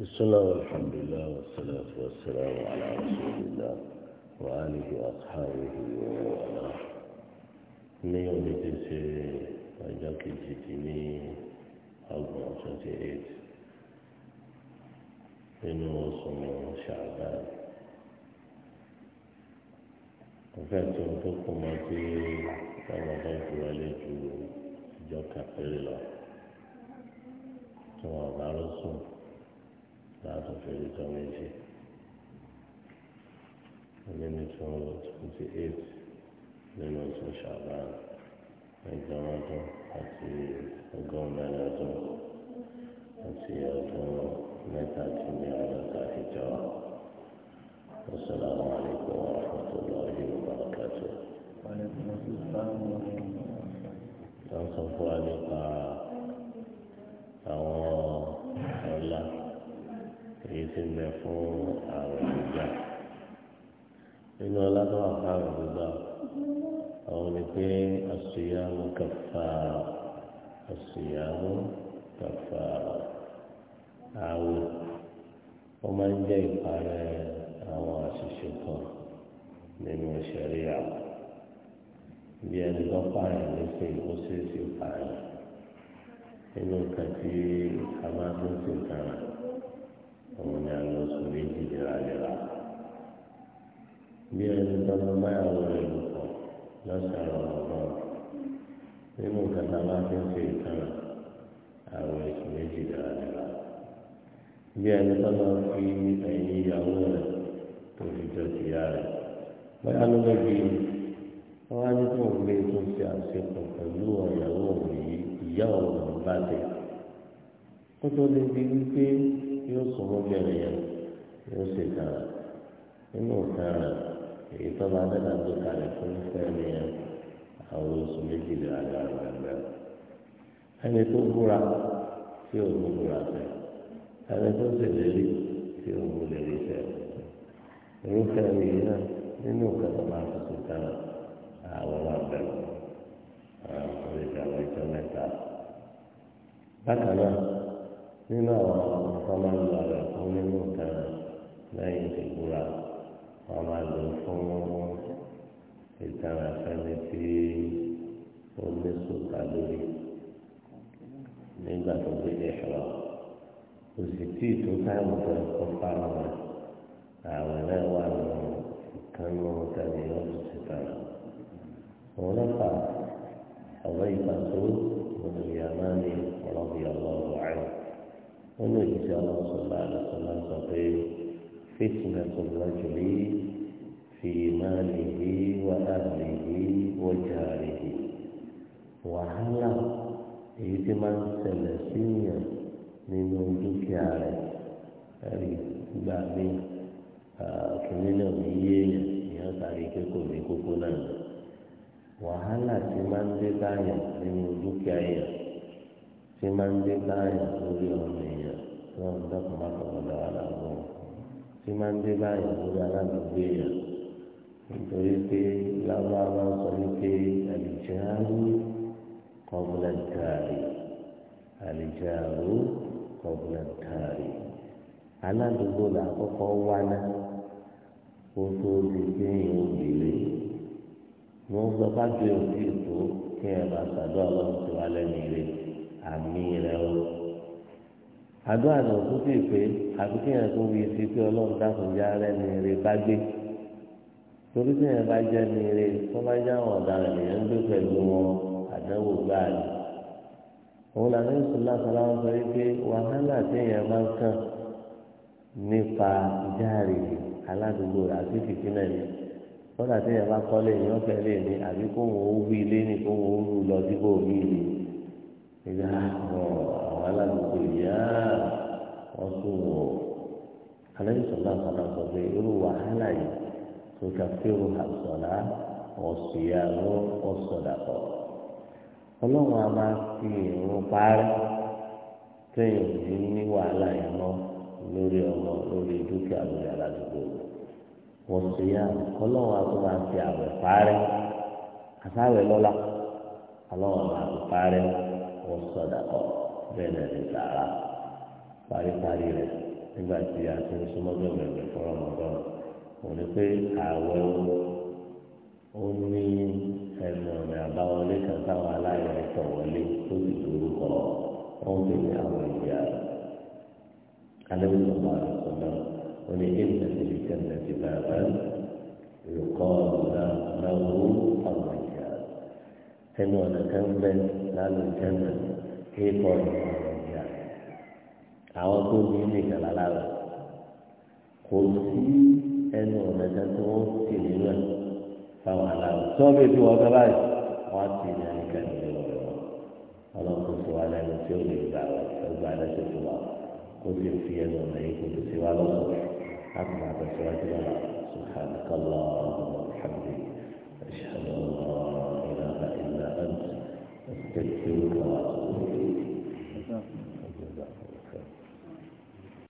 بسم الله والحمد لله والصلاة والسلام على رسول الله وآله وأصحابه وآله ní omi ti ṣe ọjọ́ kejì ti ní ọgbọ̀n twenty eight nínú oṣù ṣàgbá ọ̀fẹ́ tí o tó kù mọ́ sí ọmọdé ìfúrẹ́lẹ́ ju ìjọ kàpẹ́rẹ́ lọ tí wọ́n bá lọ sùn láti fèrè tó méjì ẹlẹ́ni tó ń twenty eight nínú oṣù ṣàbán ẹgbẹ̀rún ọdún àti ọgọ́rùn-ún mẹ́rin ọdún àti ọdún. ti ń bẹ fún àwọn ìgbà nínú ọlọ́dún àfáàrọ̀ gbígbà àwọn ni pé àṣìyàmú kàfàrà àṣìyàmú kàfàrà àwẹ̀ wọ́n máa ń jẹ́ ìparẹ́ àwọn àṣìṣe kan nínú ìṣẹ̀rí àwọn bí ẹni tó pààyàn nísìnyí ó ṣeé ṣe pààyàn nínú nǹkan tí a máa ń tún sí nǹkan bá ti ń ṣe ìtàn àwọn ẹ̀sìn méjì dáadáa bí ẹni tó lọ fi ẹ̀yìn ìyàwó rẹ̀ tó fi jọ tìyá rẹ̀ bóyá ló lè bí wọ́n wá ní kó lè tó ṣe àṣepọ̀ pẹ̀lú ọ̀yàwó òun yìí ìyá ọ̀rọ̀ bá dé kó tó lè di wípé yóò sọ mọ́bìnrin yẹn yóò ṣe tàn nínú ìtàn rẹ̀ èyí tó bá dẹ́gbàgbé kalẹ̀ fún ìfẹ́ mi yẹn àwọn oṣù méjìlá agbára gbàgbà ẹni tó búra tí ò ní búra fẹ ẹni tó ṣèlérí tí ò ní lérí fẹ irúfẹ́ mi náà nínú nǹkan tó máa fi sùn tán àwọn máa bẹ̀rù àwọn oríṣi àwọn ìjọ mẹ́ta bákan náà nínú àwọn nǹkan máa ń lo ara fún nínú nǹkan lẹ́yìn ìbúra wọn máa lò fún ìtara fẹ́mi òsìtì tó táìmù tó ẹ̀kọ́ fara wọn àwọn náà wà nínú ìkànnì wọn tàbí ọdún síta wọn lọ́fà àwọn ìpàtó olùyàmánì ọlọ́bì ọlọ́rọ̀ àyè wọn ní òjijì ọlọ́sọ̀lá àdàsọ̀lá sọ pé fìtìnà tó lọ́jọ́ yìí fi mánìyí wà áàlìyí wọ́jà àlìyí wàhálà èyí tí máa ń ṣẹlẹ̀ sí yàn. nínú dúkìá rẹ̀ ẹ̀rí gbà mí kìnínní náà ní yé èèyàn èèyàn sáré pé kò ní kókó náà wàhálà tí máa ń dé báyàn nínú dúkìá èèyàn tí máa ń dé báyàn lórí ọmọ èèyàn lọ́run dọ́kun má fọwọ́ dáwà láàbọ̀ tí máa ń dé báyàn lórí alábàágbé èèyàn nítorí pé lábáwá sọ wípé àlìjáàrú kọ́bùlà jàre kọ̀ọ̀bùnà tààrí aládùúgbò là kọ́kọ́ wá ná kó tó di pé èèyàn òbílé wọ́n sọ bá gbé òbí ètò kí ẹ máa ṣàdó ire àmì o àdó àná tó sì pé àbí kí ẹ̀ tó wí sí pé ọlọ́run dákun já lẹ́nu ire bá òun là ní ìsúná ń sọ wípé wàhálà téèyàn máa ń kàn nípa ìjáàrí aládùúgbò rẹ àti ni o téèyàn bá kọ́lé èèyàn fẹ́ lè ní àbí kó wọn ó wí ilé ní kó wọn ó rú lọ síbò mí ni ìgbà àwọn aládùúgbò ìyá wọn tún wọ alẹ́ ìsúná sọ pé irú wàhálà yìí tó àṣọlá ọ̀sùn ìyá ọlọ́run a máa fi ìrún parí téèyàn ò ní ní wàhálà iná lórí ọmọ lórí dúkìá lórí aládùúgbò wọ́n ti yá ọlọ́run a tó máa fi àwẹ̀ parí àtàwẹ̀ lọ́la ọlọ́run a máa fi parí wọ́n sọ̀dà kọ́ bẹ́ẹ̀ náà ti sàrà paríparí rẹ̀ nígbà tí a ti ń súnmọ́ gbẹ̀gbẹ̀ fún ọmọdé òní pé àwẹ̀ ó ní ẹnu ọ̀nà àbáwọlé kan táwọn aláìní tọ̀ wọlé tó sì dorúkọ wọn fi ní àwọn ìyá rẹ̀. alẹ́bí sọ̀rọ̀ àrùn sọ̀rọ̀ wọn ni éèmù náà ti fi kẹ́lẹ́ ti bá a bá lùkọ́ lọ́wọ́ ìyá rẹ̀. ẹnu ọ̀nà kan bẹ lálẹ́ jẹ́nà éèkọ́ àwọn ìyá rẹ̀. àwọn tó ní ilé ìkàlà lára kò sí ẹnu ọ̀nà kan tó ń tì nínú táwọn aláwọ̀ tí wọ́n bèè tí wọ́n gbá báyìí wọ́n á ti ní àyíká ìlú ọ̀rọ̀ wọn. ọlọ́run sọ wá lẹ́nu tí ó lè gbà wọ́n ẹgbẹ́ alẹ́sẹ̀ fún wa kó sì fi ẹnu ọ̀nà yìí kó tó ti wá láti máa tẹ̀síwájú lọ́la sùkàlùkọ́ lọ́ọ́